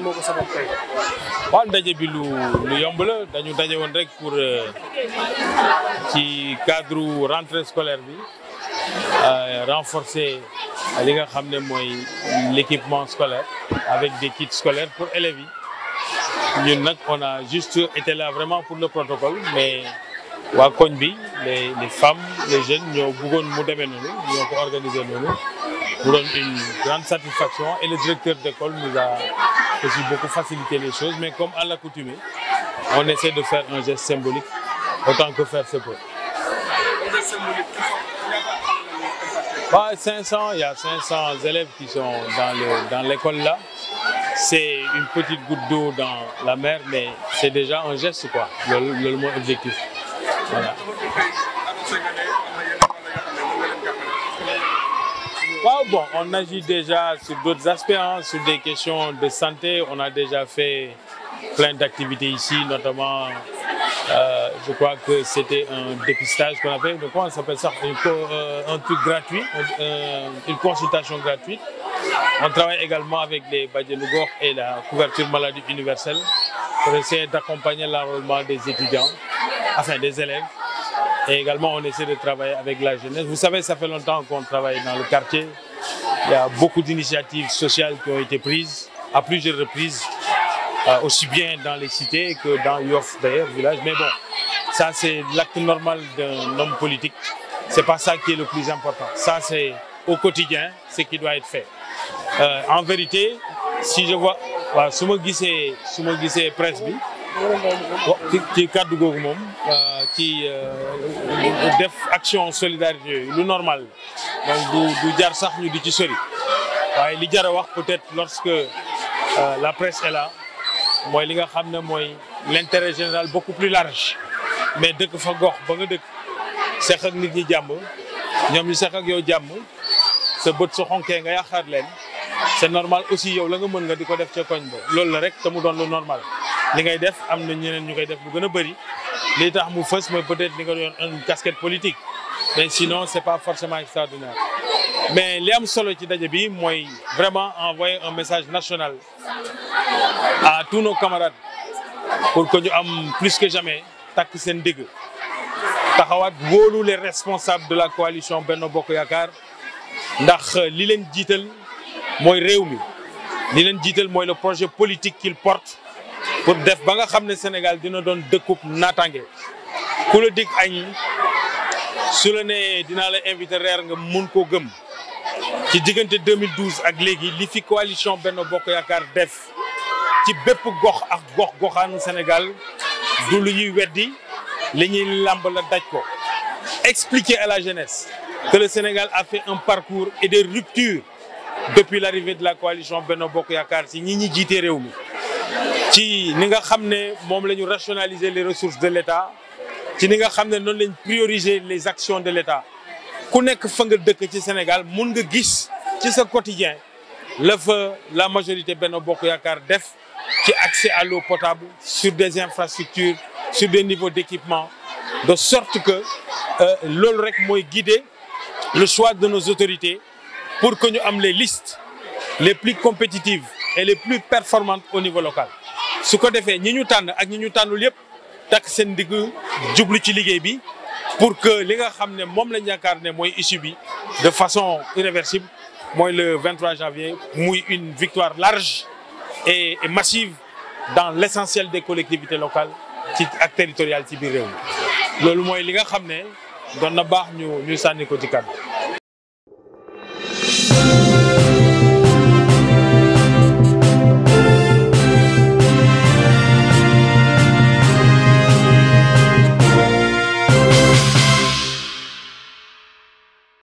lan moo ko sabab tey. waaw ndaje bi lu lu yomb la dañu daje woon rek pour euh, ci cadre rentrée scolaire bi euh, renforcer li nga xam ne mooy l'équipement scolaire avec des kits scolaires pour élèves yi ñun nag on a juste été là vraiment pour le protocole mais waa koñ bi les les femmes les jeunes ñoo bëggoon mu demee noonu ñoo ko organiser noonu. nous donne une grande satisfaction et le directeur d'école nous a aussi beaucoup facilité les choses. Mais comme à l'accoutumée, on essaie de faire un geste symbolique autant que faire se peut. Bah, 500, il y a 500 qui sont dans l'école C'est une petite goutte d'eau dans la mer, mais c'est déjà un geste, quoi, le, le, le mot objectif. Voilà. bon, on agit déjà sur d'autres aspects, hein, sur des questions de santé. On a déjà fait plein d'activités ici, notamment, euh, je crois que c'était un dépistage qu'on a fait. Donc, on s'appelle ça une, euh, un truc gratuit, une, euh, une consultation gratuite. On travaille également avec les Badjelougor et la couverture maladie universelle pour essayer d'accompagner l'enrôlement des étudiants, enfin des élèves. Et également, on essaie de travailler avec la jeunesse. Vous savez, ça fait longtemps qu'on travaille dans le quartier. Il y a beaucoup d'initiatives sociales qui ont été prises à plusieurs reprises, euh, aussi bien dans les cités que dans Yoff d'ailleurs, village. Mais bon, ça c'est l'acte normal d'un homme politique. C'est pas ça qui est le plus important. Ça c'est au quotidien ce qui doit être fait. Euh, en vérité, si je vois, euh, su ma gisee su ma gisee presse bi. ci ci kàddu googu moom euh, ci euh, def action solidarité yooyu lu normal la donc du jar sax ñu di ci sori waaye li jar a wax peut-être lorsque euh, la presse est là mooy li nga xam ne mooy l'intérêt général beaucoup plus large mais dëkk fa gox ba nga dëkk seq ak nit ñi jàmm ñoom ñu seq ak yow jàmm sa bët sa xonkee nga yàqaat leen c'est normal aussi yow la nga mën nga di ko def ca koñ ba loolu la rek te mu doon lu normal li ngay def am na ñeneen ñu koy def lu gën a bëri li tax mu fës mooy peut-être li nga doon une casquette politique mais sinon c'est pas forcément extraordinaire mais li am solo ci daje bi mooy vraiment envoyer un message national à tous nos camarades pour que ñu am plus que jamais takk seen digg taxawaat wóolu les responsables de la coalition Benno Bokk Yaakaar ndax li leen jiital mooy réew mi li leen jiital mooy le projet politique qu'il porte pour def ba nga xam ne Sénégal dina doon dëkkub nataange ku la dig añ su la nee dinaa la invité reer nga mun koo gëm ci diggante 2012 ak léegi li fi coalition Benno Bokk Yaakaar def ci bépp gox ak gox goxaanu Sénégal du lu ñuy weddi li ñuy làmb la daj ko expliquer à la jeunesse que le Sénégal a fait un parcours et des ruptures depuis l'arrivée de la coalition Benno Bokk Yaakaar si ñi ñi jiite réew mi ci ni nga xam ne moom la ñu rationaliser les ressources de l'État ci ni nga xam ne noonu lañ prioriser les actions de l'État ku nekk fa nga dëkk ci Sénégal mun nga gis ci sa quotidien la fa la majorité Benno Bokk Yaakaar def ci accès à l'eau potable sur des infrastructures sur des niveaux d'équipement de sorte que euh, loolu rek mooy guider le choix de nos autorités pour que ñu am les listes les plus compétitives et les plus performantes au niveau local su ko defee ñi ñu tànn ak ñi ñu tànnul yëpp takk seen digg jublu ci liggéey bi pour que li nga xam ne moom lañ yaakaar ne mooy issue bi de façon irréversible mooy le 23 janvier muy une victoire large et massive dans l'essentiel des collectivités locales ci ak territoriales ci biir réew mi loolu mooy li nga xam ne doon na baax ñu ñu sànni ko ci